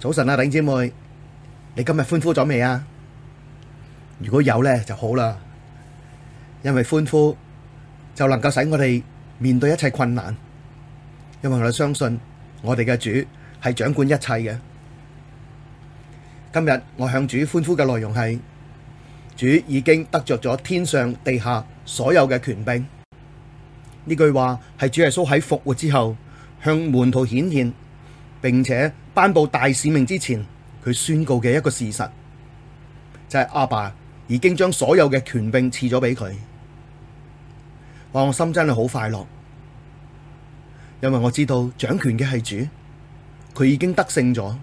早晨啊，頂姐妹，你今日歡呼咗未啊？如果有呢就好啦，因為歡呼就能夠使我哋面對一切困難，因為我哋相信我哋嘅主係掌管一切嘅。今日我向主歡呼嘅內容係，主已經得著咗天上地下所有嘅權柄。呢句話係主耶穌喺復活之後向門徒顯現，並且，頒布大使命之前，佢宣告嘅一個事實就係、是、阿爸已經將所有嘅權柄賜咗俾佢，話、哦、我心真係好快樂，因為我知道掌權嘅係主，佢已經得勝咗，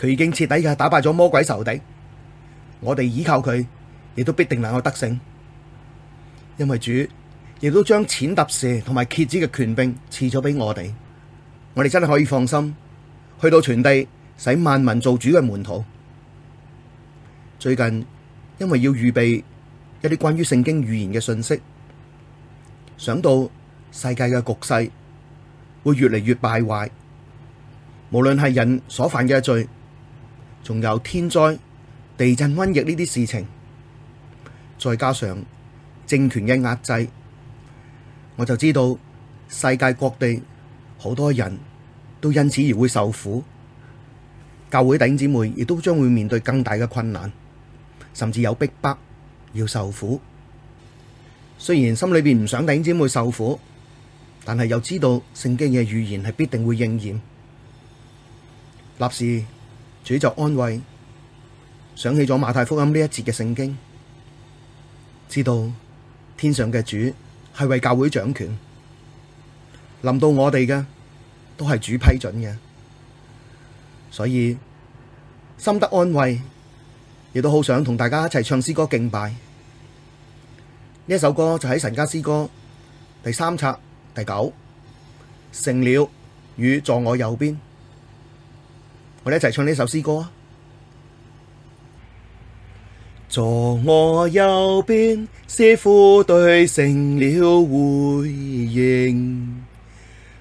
佢已經徹底嘅打敗咗魔鬼仇敵，我哋依靠佢，亦都必定能夠得勝，因為主亦都將踐踏蛇同埋蠍子嘅權柄賜咗俾我哋，我哋真係可以放心。去到傳遞使萬民做主嘅門徒。最近因為要預備一啲關於聖經預言嘅信息，想到世界嘅局勢會越嚟越敗壞，無論係人所犯嘅罪，仲有天災、地震、瘟疫呢啲事情，再加上政權嘅壓制，我就知道世界各地好多人。都因此而會受苦，教會弟兄姊妹亦都將會面對更大嘅困難，甚至有逼迫，要受苦。雖然心裏邊唔想弟兄姊妹受苦，但係又知道聖經嘅預言係必定會應驗。立時，主就安慰，想起咗馬太福音呢一節嘅聖經，知道天上嘅主係為教會掌權，臨到我哋嘅。都係主批准嘅，所以心得安慰，亦都好想同大家一齊唱詩歌敬拜。呢一首歌就喺《神家詩歌》第三冊第九，成了與坐我右邊，我哋一齊唱呢首詩歌啊！坐我右邊，是父對成了回應。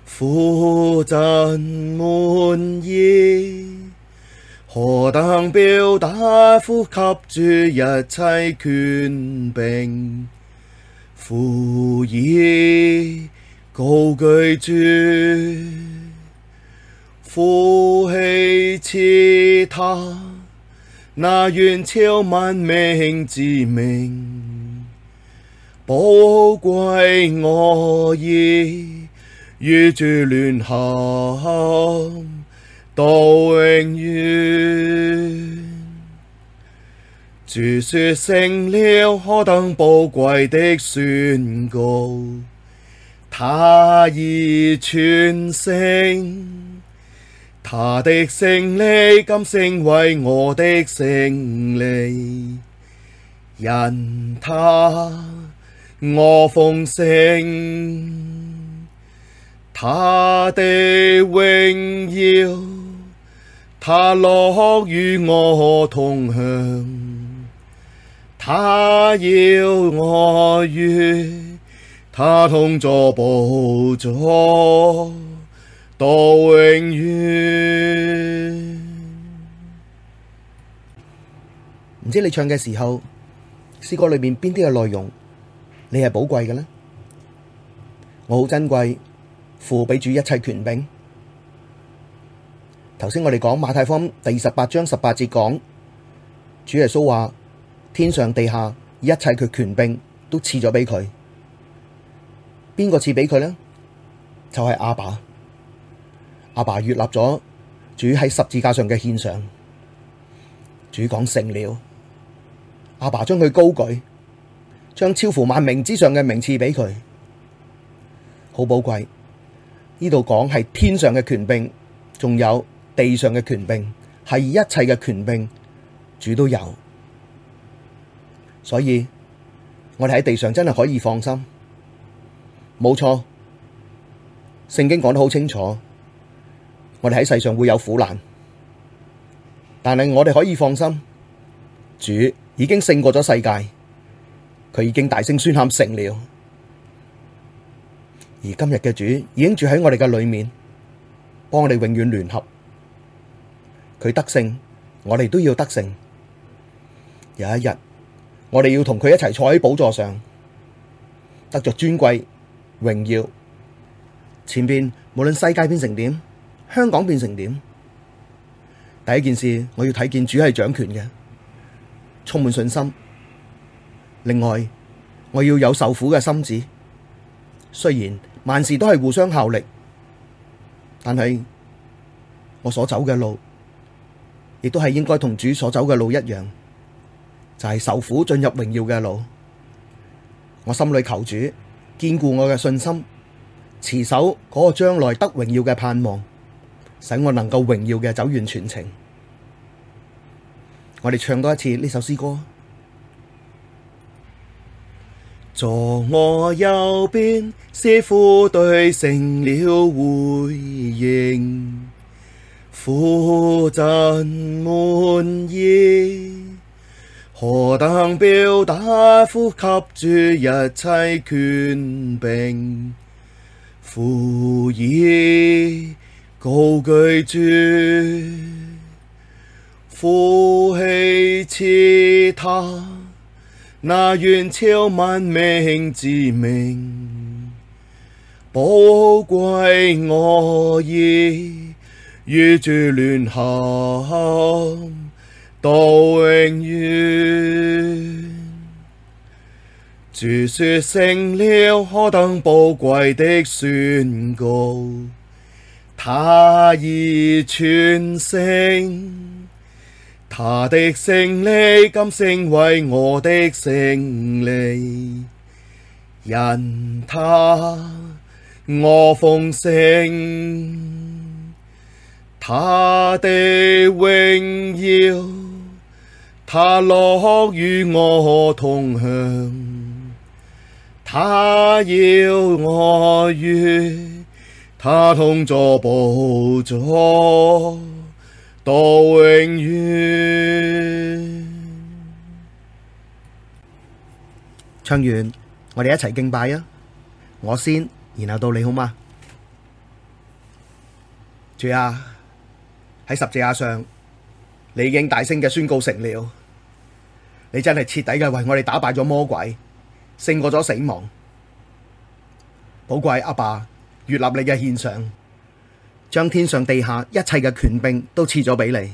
父真滿意，何等表達，父給主一切權柄，父已高舉主，父喜賜祂，那遠超萬名之名，寶貴我已，與主聯合到永遠，主說成了，何等寶貴的宣告，祂已全勝，祂的勝利今成為我的勝利，因祂我豐盛。他的榮耀，他樂與我同享，他要我與他同坐寶座到永遠。唔知你唱嘅時候，詩歌裏面邊啲嘅內容，你係寶貴嘅咧？我好珍貴。父俾主一切權柄，頭先我哋講馬太福音第二十八章十八節講，主耶穌話天上地下一切佢權柄都賜咗俾佢，邊個賜俾佢呢？就係、是、阿爸，阿爸悅納咗主喺十字架上嘅獻上，主講成了，阿爸將佢高舉，將超乎萬名之上嘅名賜俾佢，好寶貴。呢度講係天上嘅權柄，仲有地上嘅權柄，係一切嘅權柄，主都有。所以我哋喺地上真係可以放心，冇錯。聖經講得好清楚，我哋喺世上會有苦難，但係我哋可以放心，主已經勝過咗世界，佢已經大聲宣喊勝了。而今日嘅主已經住喺我哋嘅裏面，幫我哋永遠聯合。佢得勝，我哋都要得勝。有一日，我哋要同佢一齊坐喺寶座上，得着尊貴、榮耀。前面無論世界變成點，香港變成點，第一件事我要睇見主係掌權嘅，充滿信心。另外，我要有受苦嘅心志，雖然。萬事都係互相效力，但係我所走嘅路，亦都係應該同主所走嘅路一樣，就係受苦進入榮耀嘅路。我心裏求主堅固我嘅信心，持守嗰個將來得榮耀嘅盼望，使我能夠榮耀嘅走完全程。我哋唱多一次呢首詩歌。坐我右邊，是父對成了回應，父真滿意，何等表達，父給主一切權柄，父已高舉主，父喜賜祂。那遠超萬名之名，寶貴我已與主聯合到永遠。主說，成了！何等寶貴的宣告，祂已全勝。他的勝利，今成為我的勝利，因他我豐盛，他的榮耀，他樂與我同享，他要我與他同坐寶座，到永遠，唱完我哋一齊敬拜啊！我先，然後到你好嗎？主啊，喺十字架上，你已經大聲嘅宣告成了，你真係徹底嘅為我哋打敗咗魔鬼，勝過咗死亡。寶貴阿爸，悅納你嘅獻上，將天上地下一切嘅權柄都賜咗俾你，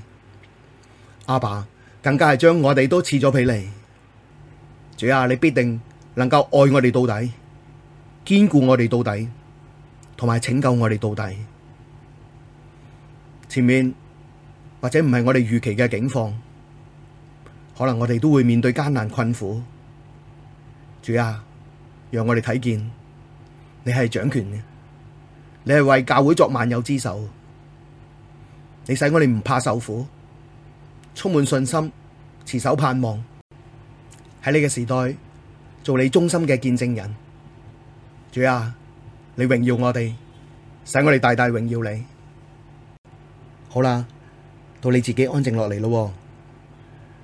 阿爸更加係將我哋都賜咗俾你。主啊，你必定能夠愛我哋到底，堅固我哋到底，同埋拯救我哋到底。前面或者唔係我哋預期嘅境況，可能我哋都會面對艱難困苦。主啊，讓我哋睇見你係掌權嘅。你係為教會作萬有之首，你使我哋唔怕受苦，充滿信心，持守盼望，喺你嘅時代做你忠心嘅見證人。主啊，你榮耀我哋，使我哋大大榮耀你。好啦，到你自己安靜落嚟咯，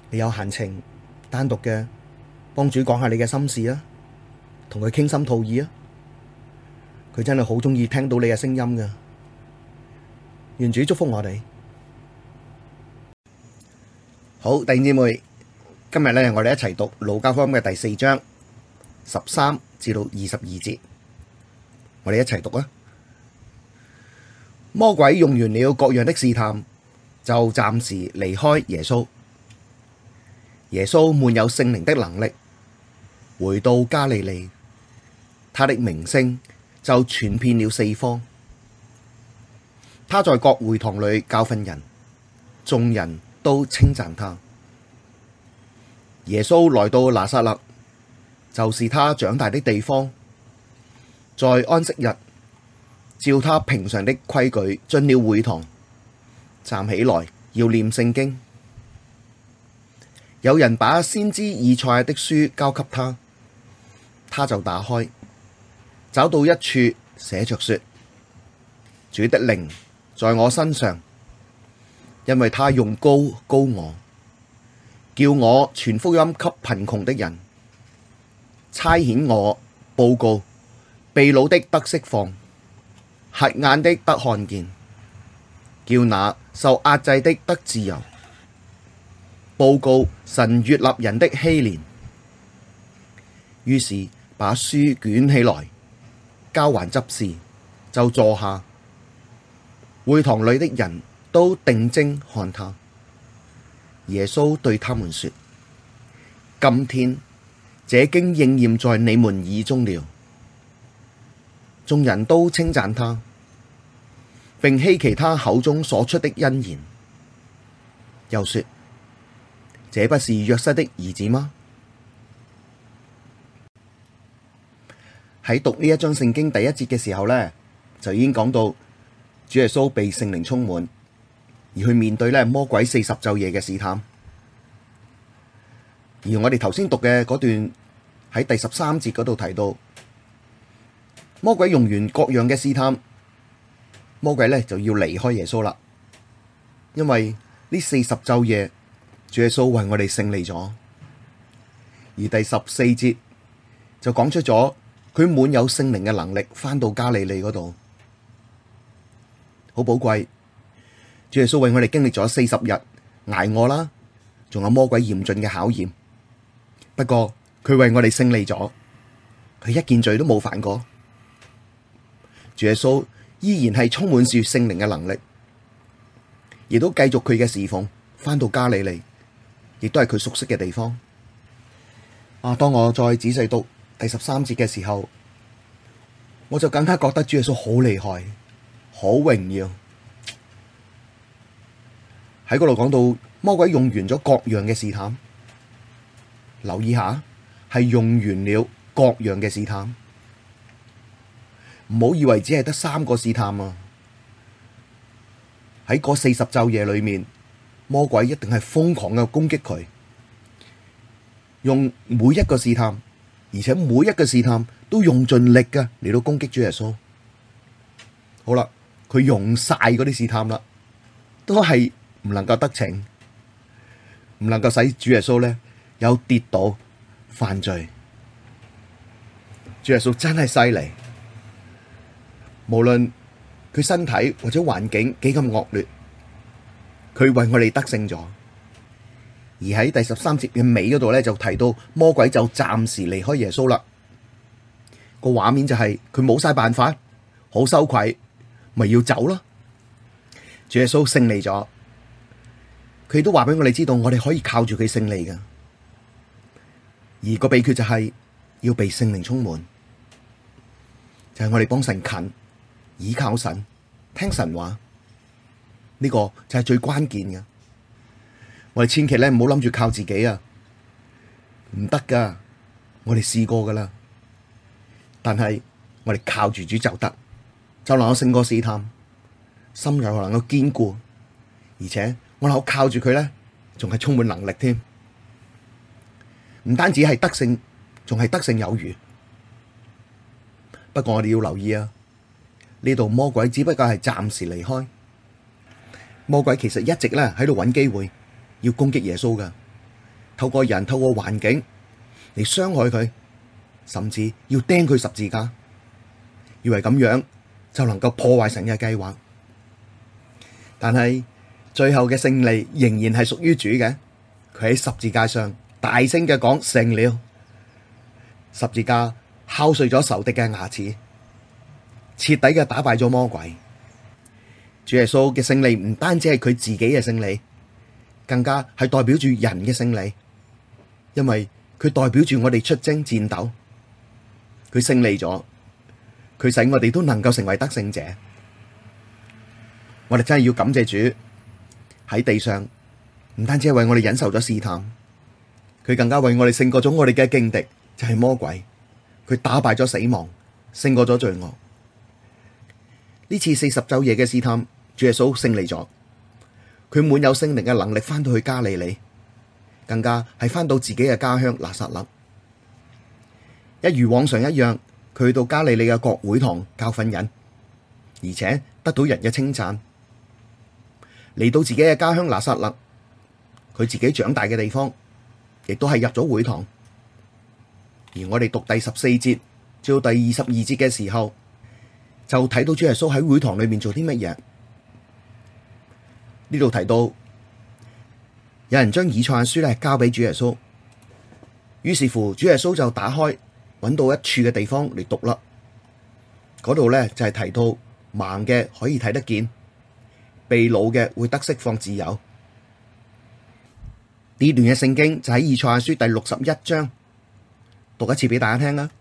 你有閒情單獨嘅幫主講下你嘅心事啊，同佢傾心吐意啊。佢真係好鍾意聽到你嘅聲音噶願主祝福我哋。好，第二妹，今日咧我哋一齊讀《路加福音》嘅第四章十三至到二十二節，我哋一齊讀啊！魔鬼用完了各樣嘅試探，就暫時離開耶穌。耶穌滿有聖靈的能力，回到加利利，他的名聲。就傳遍了四方。他在各會堂裡教訓人，眾人都稱讚他。耶穌來到拿撒勒，就是他長大的地方。在安息日，照他平常的規矩進了會堂，站起來要念聖經。有人把先知以賽亞的書交給他，他就打開。找到一處寫着説，主的靈在我身上，因為他用膏膏我，叫我傳福音給貧窮的人，差遣我報告，被擄的得釋放，瞎眼的得看見，叫那受壓制的得自由，報告神悅納人的禧年。於是把書捲起來。交還執事，就坐下。會堂裡的人都定睛看他。耶穌對他們說：今天這經應驗在你們耳中了。眾人都稱讚他，並希奇他口中所出的恩言。又說：這不是約瑟的兒子嗎？喺讀呢一章聖經第一節嘅時候咧，就已經講到主耶穌被聖靈充滿，而去面對咧魔鬼四十晝夜嘅試探。而我哋頭先讀嘅嗰段喺第十三節嗰度提到，魔鬼用完各樣嘅試探，魔鬼咧就要離開耶穌啦，因為呢四十晝夜，主耶穌為我哋勝利咗。而第十四節就講出咗。佢滿有聖靈嘅能力，返到加利利嗰度，好寶貴。主耶穌為我哋經歷咗四十日挨餓啦，仲有魔鬼嚴峻嘅考驗。不過佢為我哋勝利咗，佢一件罪都冇犯過。主耶穌依然係充滿住聖靈嘅能力，亦都繼續佢嘅侍奉，返到加利利，亦都係佢熟悉嘅地方。啊，當我再仔細讀。第十三節嘅時候，我就更加覺得主耶穌好厲害、好榮耀。喺嗰度講到魔鬼用完咗各樣嘅試探，留意下係用完了各樣嘅試探，唔好以為只係得三個試探啊！喺嗰四十晝夜裏面，魔鬼一定係瘋狂嘅攻擊佢，用每一個試探。而且每一個試探都用盡力嘅嚟到攻擊主耶穌，好啦，佢用晒嗰啲試探啦，都係唔能夠得逞，唔能夠使主耶穌咧有跌倒犯罪。主耶穌真係犀利，無論佢身體或者環境幾咁惡劣，佢為我哋得勝咗。而喺第十三節嘅尾嗰度咧，就提到魔鬼就暫時離開耶穌啦。個畫面就係佢冇晒辦法，好羞愧，咪要走咯。主耶穌勝利咗，佢都話俾我哋知道，我哋可以靠住佢勝利嘅。而個秘訣就係要被聖靈充滿，就係我哋幫神近，倚靠神，聽神話，呢個就係最關鍵嘅。我哋千祈咧唔好諗住靠自己啊，唔得噶。我哋試過噶啦，但係我哋靠住主就得，就能夠勝過試探，心又能夠堅固，而且我能夠靠住佢咧，仲係充滿能力添。唔單止係得勝，仲係得勝有餘。不過我哋要留意啊，呢度魔鬼只不過係暫時離開，魔鬼其實一直咧喺度揾機會。要攻擊耶穌嘅，透過人、透過環境嚟傷害佢，甚至要釘佢十字架，以為咁樣就能夠破壞神嘅計劃。但係最後嘅勝利仍然係屬於主嘅。佢喺十字架上大聲嘅講：勝了！十字架敲碎咗仇敵嘅牙齒，徹底嘅打敗咗魔鬼。主耶穌嘅勝利唔單止係佢自己嘅勝利。更加係代表住人嘅勝利，因為佢代表住我哋出征戰鬥，佢勝利咗，佢使我哋都能夠成為得勝者。我哋真係要感謝主喺地上,唔單止係為我哋忍受咗試探，佢更加為我哋勝過咗我哋嘅勁敵，就係魔鬼。佢打敗咗死亡，勝過咗罪惡。呢次四十晝夜嘅試探，主耶穌勝利咗。佢滿有聖靈嘅能力，返到去加利利，更加係返到自己嘅家鄉拿撒勒。一如往常一樣，佢去到加利利嘅各會堂教訓人，而且得到人嘅稱讚。嚟到自己嘅家鄉拿撒勒，佢自己長大嘅地方，亦都係入咗會堂。而我哋讀第十四節至到第二十二節嘅時候，就睇到主耶穌喺會堂裏面做啲乜嘢。呢度提到，有人將以賽亞書咧交俾主耶穌，於是乎主耶穌就打開，揾到一處嘅地方嚟讀啦。嗰度咧就係提到盲嘅可以睇得見，被擄嘅會得釋放自由。呢段嘅聖經就喺以賽亞書第六十一章，讀一次俾大家聽啦。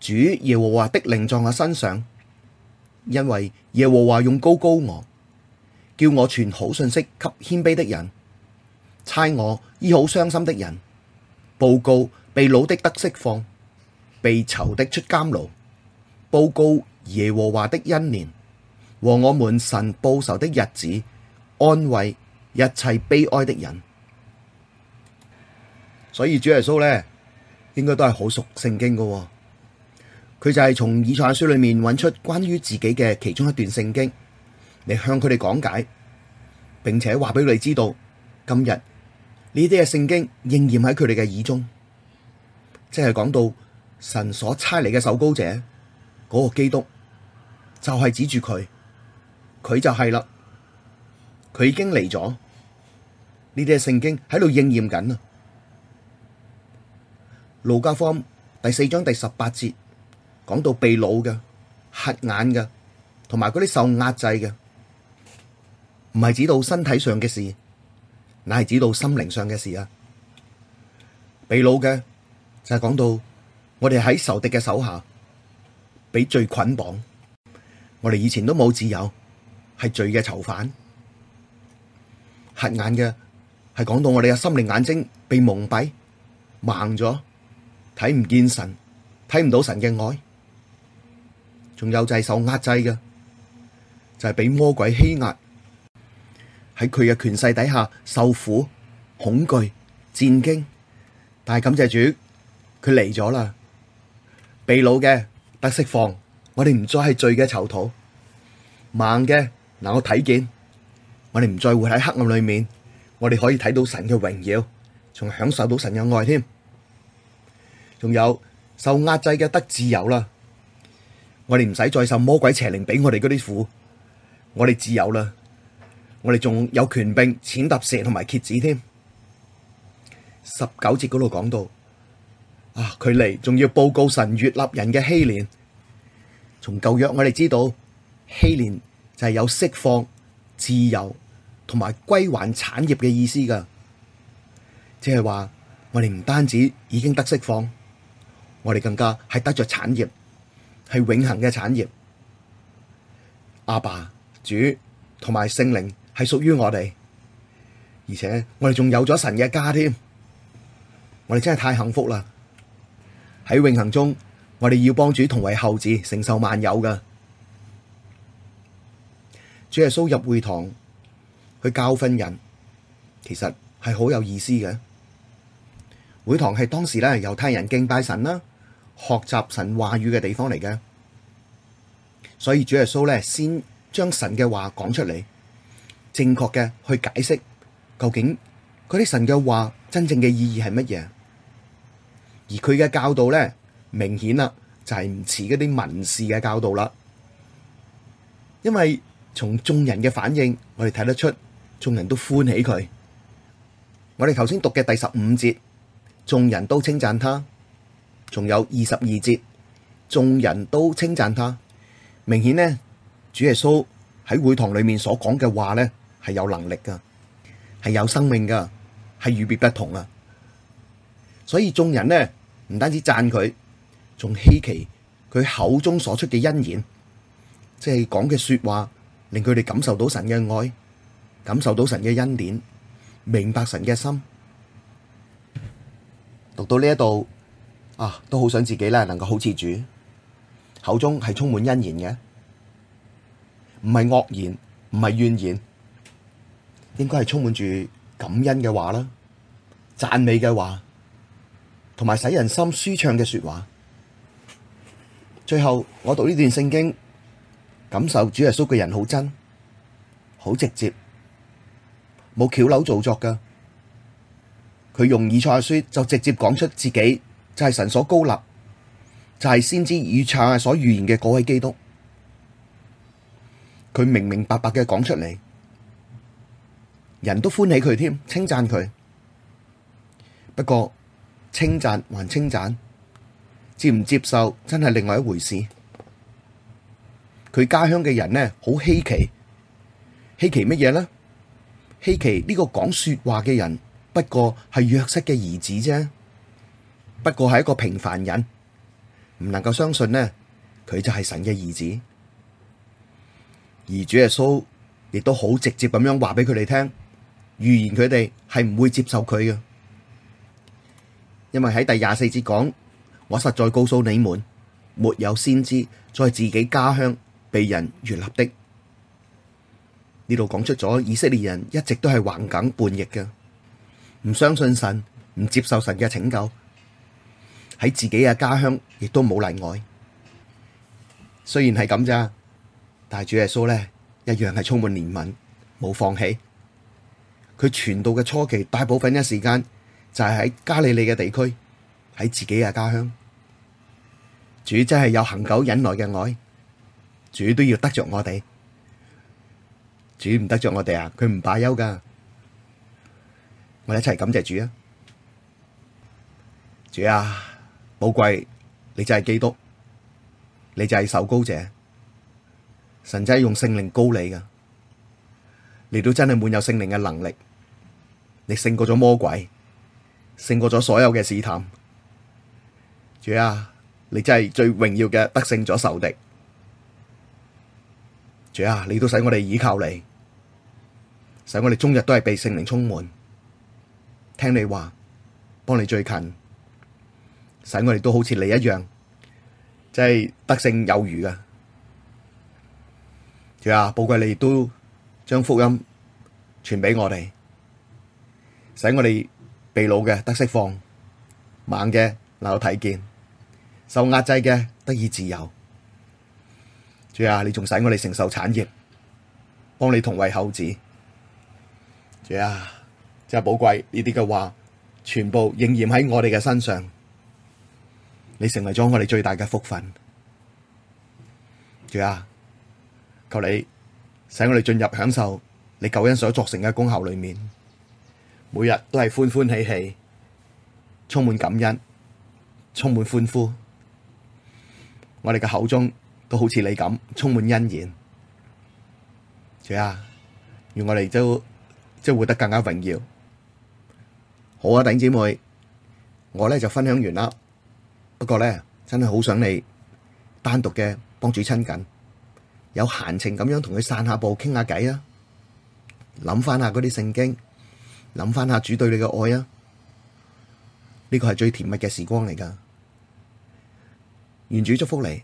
主耶和華的靈狀在我身上，因為耶和華用膏膏我。叫我傳好信息給謙卑的人，差我醫好傷心的人，報告被擄的得釋放，被囚的出監牢，報告耶和華的恩年和我們神報仇的日子，安慰一切悲哀的人。所以主耶穌呢，應該都係好熟聖經噶，佢就係從以賽亞書裏面揾出關於自己嘅其中一段聖經。你向佢哋講解，並且話俾佢哋知道，今日呢啲嘅聖經應驗喺佢哋嘅耳中，即係講到神所差嚟嘅受膏者，嗰個基督就係指住佢，佢就係啦，佢已經嚟咗，呢啲嘅聖經喺度應驗緊啊。路加福音第四章第十八節講到被擄嘅、瞎眼嘅，同埋嗰啲受壓制嘅。唔係指到身體上嘅事，乃係指到心靈上嘅事啊！被擄嘅就係講到我哋喺仇敵嘅手下俾罪捆綁，我哋以前都冇自由，係罪嘅囚犯。瞎眼嘅係講到我哋嘅心靈眼睛被蒙蔽，盲咗，睇唔見神，睇唔到神嘅愛。仲有就係受壓制嘅，就係俾魔鬼欺壓。喺佢嘅權勢底下受苦，恐懼戰驚，但係感謝主，佢嚟咗啦。被擄嘅得釋放，我哋唔再係罪嘅囚徒。盲嘅嗱，我睇見，我哋唔再活喺黑暗裏面，我哋可以睇到神嘅榮耀，仲享受到神嘅愛添。仲有受壓制嘅得自由啦，我哋唔使再受魔鬼邪靈俾我哋嗰啲苦，我哋自由啦。我哋仲有權柄踐踏蛇同埋蠍子添。十九節嗰度講到，啊，佢嚟仲要報告神悅納人嘅禧年。從舊約我哋知道，禧年就係有釋放、自由同埋歸還產業嘅意思噶。即係話我哋唔單止已經得釋放，我哋更加係得着產業，係永恆嘅產業。阿爸主同埋聖靈，係屬於我哋，而且我哋仲有咗神嘅家添，我哋真係太幸福啦！喺永恆中，我哋要幫主同為後子承受萬有㗎。主耶穌入會堂去教訓人，其實係好有意思嘅。會堂係當時呢猶太人敬拜神啦、學習神話語嘅地方嚟嘅，所以主耶穌呢先將神嘅話講出嚟。正確嘅去解釋，究竟佢啲神嘅話真正嘅意義係乜嘢？而佢嘅教導咧，明顯啦就係唔似嗰啲文士嘅教導啦。因為從眾人嘅反應，我哋睇得出眾人都歡喜佢。我哋頭先讀嘅第十五節，眾人都稱讚他，仲有二十二節，眾人都稱讚他。明顯呢，主耶穌喺會堂裏面所講嘅話咧。係有能力噶，係有生命噶，係與別不同啊！所以眾人呢唔單止讚佢，仲希奇佢口中所出嘅恩言，即係講嘅說話，令佢哋感受到神嘅愛，感受到神嘅恩典，明白神嘅心。讀到呢一度啊，都好想自己啦，能夠好似主口中係充滿恩言嘅，唔係惡言，唔係怨言。應該係充滿住感恩嘅話啦，讚美嘅話，同埋使人心舒暢嘅說話。最後我讀呢段聖經，感受主耶穌嘅人好真，好直接，冇橋樓做作㗎。佢用以賽書就直接講出自己就係神所高立，就係、是、先知以賽所預言嘅嗰位基督。佢明明白白嘅講出嚟。人都歡喜佢添，稱讚佢。不過稱讚還稱讚，接唔接受真係另外一回事。佢家鄉嘅人呢，好稀奇，稀奇乜嘢呢？稀奇呢個講說話嘅人，不過係約瑟嘅兒子啫，不過係一個平凡人，唔能夠相信呢，佢就係神嘅兒子。而主耶穌亦都好直接咁樣話俾佢哋聽。預言佢哋係唔會接受佢嘅，因為喺第廿四節講，我實在告訴你們，沒有先知在自己家鄉被人悅納的。呢度講出咗以色列人一直都係橫梗叛逆嘅，唔相信神，唔接受神嘅拯救，喺自己嘅家鄉亦都冇例外。雖然係咁咋，但係主耶穌咧一樣係充滿憐憫，冇放棄。佢傳道嘅初期，大部分嘅時間就係喺加利利嘅地區，喺自己嘅家鄉。主真係有恆久忍耐嘅愛，主都要得着我哋。主唔得着我哋啊！佢唔罷休噶。我哋一齊感謝主啊！主啊，寶貴，你就係基督，你就係受膏者，神真係用聖靈膏你噶，你都真係滿有聖靈嘅能力。你勝過咗魔鬼，勝過咗所有嘅試探，主啊，你真係最榮耀嘅得勝咗仇敵，主啊，你都使我哋倚靠你，使我哋終日都係被聖靈充滿，聽你話，幫你最近，使我哋都好似你一樣，真係得勝有餘啊。主啊，寶貴你都將福音傳俾我哋。使我哋被擄嘅得釋放，盲嘅能夠睇見，受壓制嘅得以自由。主啊，你仲使我哋承受產業，幫你同為後子。主啊，真係寶貴呢啲嘅話，全部應驗喺我哋嘅身上。你成為咗我哋最大嘅福分。主啊，求你使我哋進入享受你救恩所作成嘅功效裏面。每日都係歡歡喜喜，充滿感恩，充滿歡呼。我哋嘅口中都好似你咁，充滿恩言。主啊，願我哋都即活得更加榮耀。好啊，弟兄姊妹，我咧就分享完啦。不過咧，真係好想你單獨嘅幫主親近，有閒情咁樣同佢散下步，傾下偈啊。諗翻下嗰啲聖經。諗返下主對你嘅愛啊！呢個係最甜蜜嘅時光嚟㗎，願主祝福你。